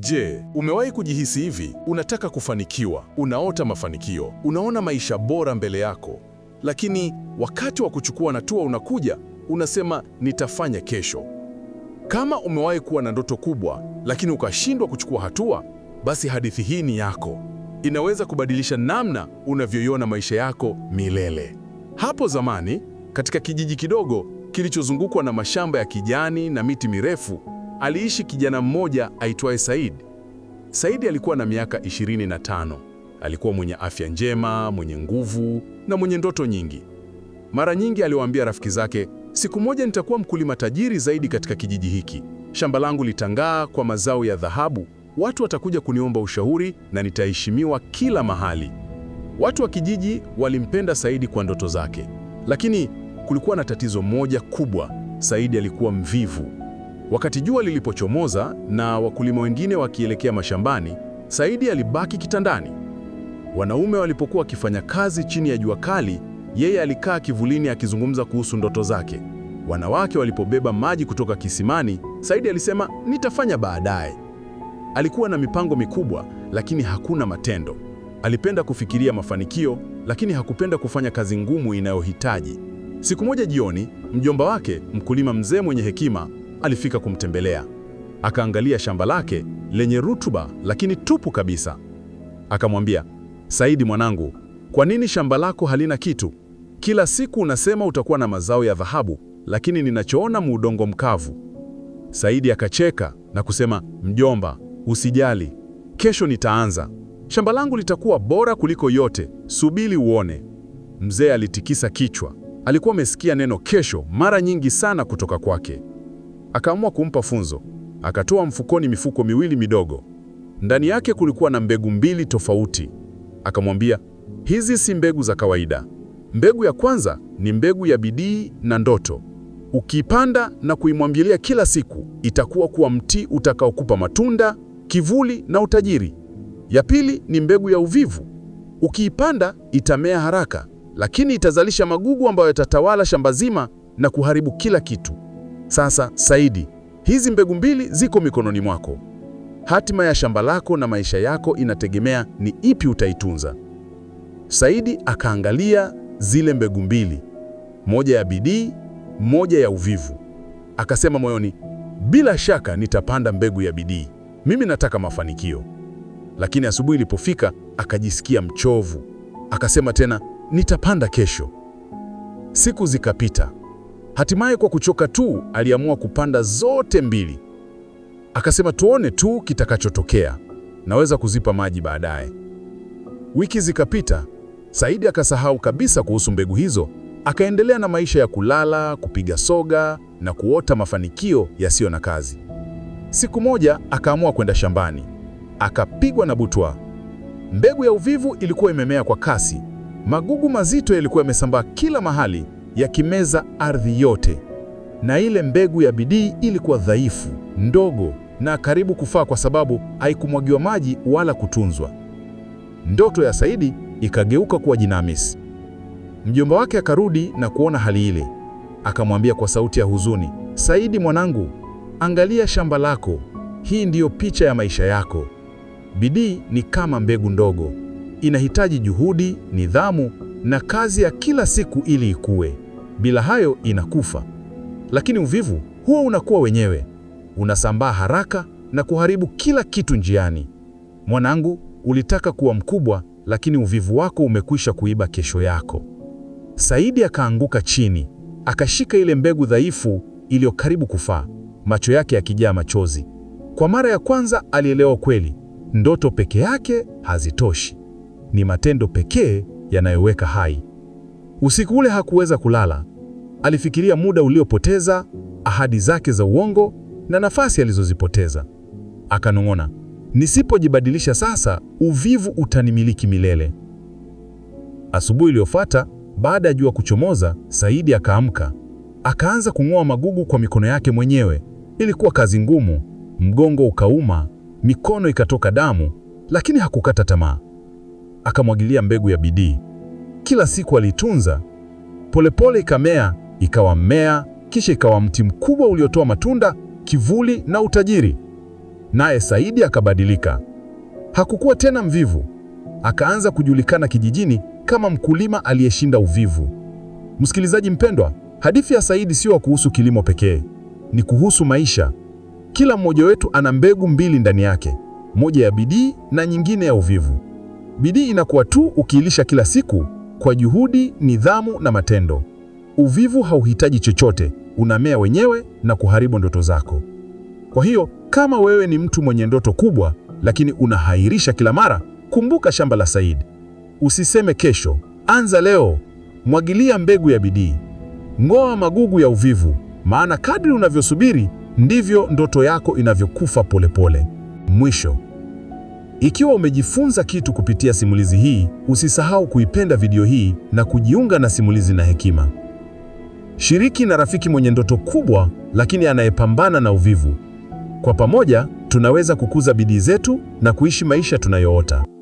Je, umewahi kujihisi hivi? Unataka kufanikiwa, unaota mafanikio, unaona maisha bora mbele yako, lakini wakati wa kuchukua hatua unakuja, unasema nitafanya kesho. Kama umewahi kuwa na ndoto kubwa lakini ukashindwa kuchukua hatua, basi hadithi hii ni yako. Inaweza kubadilisha namna unavyoiona maisha yako milele. Hapo zamani, katika kijiji kidogo kilichozungukwa na mashamba ya kijani na miti mirefu aliishi kijana mmoja aitwaye Said. Said alikuwa na miaka 25. Alikuwa mwenye afya njema, mwenye nguvu na mwenye ndoto nyingi. Mara nyingi aliwaambia rafiki zake, siku moja nitakuwa mkulima tajiri zaidi katika kijiji hiki, shamba langu litangaa kwa mazao ya dhahabu, watu watakuja kuniomba ushauri na nitaheshimiwa kila mahali. Watu wa kijiji walimpenda Saidi kwa ndoto zake, lakini kulikuwa na tatizo moja kubwa. Saidi alikuwa mvivu. Wakati jua lilipochomoza na wakulima wengine wakielekea mashambani, Saidi alibaki kitandani. Wanaume walipokuwa wakifanya kazi chini ya jua kali, yeye alikaa kivulini akizungumza kuhusu ndoto zake. Wanawake walipobeba maji kutoka kisimani, Saidi alisema nitafanya baadaye. Alikuwa na mipango mikubwa, lakini hakuna matendo. Alipenda kufikiria mafanikio, lakini hakupenda kufanya kazi ngumu inayohitaji. Siku moja jioni, mjomba wake, mkulima mzee mwenye hekima, alifika kumtembelea. Akaangalia shamba lake lenye rutuba lakini tupu kabisa. Akamwambia, Saidi mwanangu, kwa nini shamba lako halina kitu? Kila siku unasema utakuwa na mazao ya dhahabu, lakini ninachoona muudongo mkavu. Saidi akacheka na kusema, mjomba, usijali, kesho nitaanza. Shamba langu litakuwa bora kuliko yote, subiri uone. Mzee alitikisa kichwa. Alikuwa amesikia neno kesho mara nyingi sana kutoka kwake. Akaamua kumpa funzo. Akatoa mfukoni mifuko miwili midogo. Ndani yake kulikuwa na mbegu mbili tofauti. Akamwambia, hizi si mbegu za kawaida. Mbegu ya kwanza ni mbegu ya bidii na ndoto. Ukiipanda na kuimwambilia kila siku, itakuwa kuwa mti utakaokupa matunda, kivuli na utajiri. Ya pili ni mbegu ya uvivu. Ukiipanda itamea haraka, lakini itazalisha magugu ambayo yatatawala shamba zima na kuharibu kila kitu. Sasa Saidi, hizi mbegu mbili ziko mikononi mwako. Hatima ya shamba lako na maisha yako inategemea ni ipi utaitunza. Saidi akaangalia zile mbegu mbili, moja ya bidii, moja ya uvivu. Akasema moyoni, bila shaka nitapanda mbegu ya bidii, mimi nataka mafanikio. Lakini asubuhi ilipofika akajisikia mchovu, akasema tena, nitapanda kesho. Siku zikapita. Hatimaye kwa kuchoka tu, aliamua kupanda zote mbili. Akasema tuone tu kitakachotokea, naweza kuzipa maji baadaye. Wiki zikapita, Saidi akasahau kabisa kuhusu mbegu hizo, akaendelea na maisha ya kulala, kupiga soga na kuota mafanikio yasiyo na kazi. Siku moja akaamua kwenda shambani, akapigwa na butwa. Mbegu ya uvivu ilikuwa imemea kwa kasi, magugu mazito yalikuwa yamesambaa kila mahali yakimeza ardhi yote, na ile mbegu ya bidii ilikuwa dhaifu, ndogo na karibu kufaa kwa sababu haikumwagiwa maji wala kutunzwa. Ndoto ya Saidi ikageuka kuwa jinamizi. Mjomba wake akarudi na kuona hali ile, akamwambia kwa sauti ya huzuni, Saidi mwanangu, angalia shamba lako, hii ndiyo picha ya maisha yako. Bidii ni kama mbegu ndogo, inahitaji juhudi, nidhamu na kazi ya kila siku ili ikue. Bila hayo inakufa. Lakini uvivu huwa unakuwa wenyewe, unasambaa haraka na kuharibu kila kitu njiani. Mwanangu, ulitaka kuwa mkubwa, lakini uvivu wako umekwisha kuiba kesho yako. Saidi akaanguka chini, akashika ile mbegu dhaifu iliyo karibu kufaa, macho yake yakijaa machozi. Kwa mara ya kwanza alielewa kweli, ndoto peke yake hazitoshi, ni matendo pekee yanayoweka hai. Usiku ule hakuweza kulala. Alifikiria muda uliopoteza, ahadi zake za uongo na nafasi alizozipoteza. Akanong'ona, nisipojibadilisha sasa, uvivu utanimiliki milele. Asubuhi iliyofuata, baada ya jua kuchomoza, Saidi akaamka. Akaanza kung'oa magugu kwa mikono yake mwenyewe. Ilikuwa kazi ngumu, mgongo ukauma, mikono ikatoka damu, lakini hakukata tamaa. Akamwagilia mbegu ya bidii kila siku alitunza. Polepole ikamea, ikawa mmea, kisha ikawa mti mkubwa uliotoa matunda, kivuli na utajiri. Naye Saidi akabadilika. Hakukuwa tena mvivu, akaanza kujulikana kijijini kama mkulima aliyeshinda uvivu. Msikilizaji mpendwa, hadithi ya Saidi sio kuhusu kilimo pekee, ni kuhusu maisha. Kila mmoja wetu ana mbegu mbili ndani yake, moja ya bidii na nyingine ya uvivu. Bidii inakuwa tu ukiilisha kila siku, kwa juhudi, nidhamu na matendo. Uvivu hauhitaji chochote, unamea wenyewe na kuharibu ndoto zako. Kwa hiyo kama wewe ni mtu mwenye ndoto kubwa lakini unahairisha kila mara, kumbuka shamba la Said. Usiseme kesho, anza leo. Mwagilia mbegu ya bidii, ng'oa magugu ya uvivu, maana kadri unavyosubiri ndivyo ndoto yako inavyokufa polepole. Mwisho. Ikiwa umejifunza kitu kupitia simulizi hii, usisahau kuipenda video hii na kujiunga na Simulizi na Hekima. Shiriki na rafiki mwenye ndoto kubwa lakini anayepambana na uvivu. Kwa pamoja tunaweza kukuza bidii zetu na kuishi maisha tunayoota.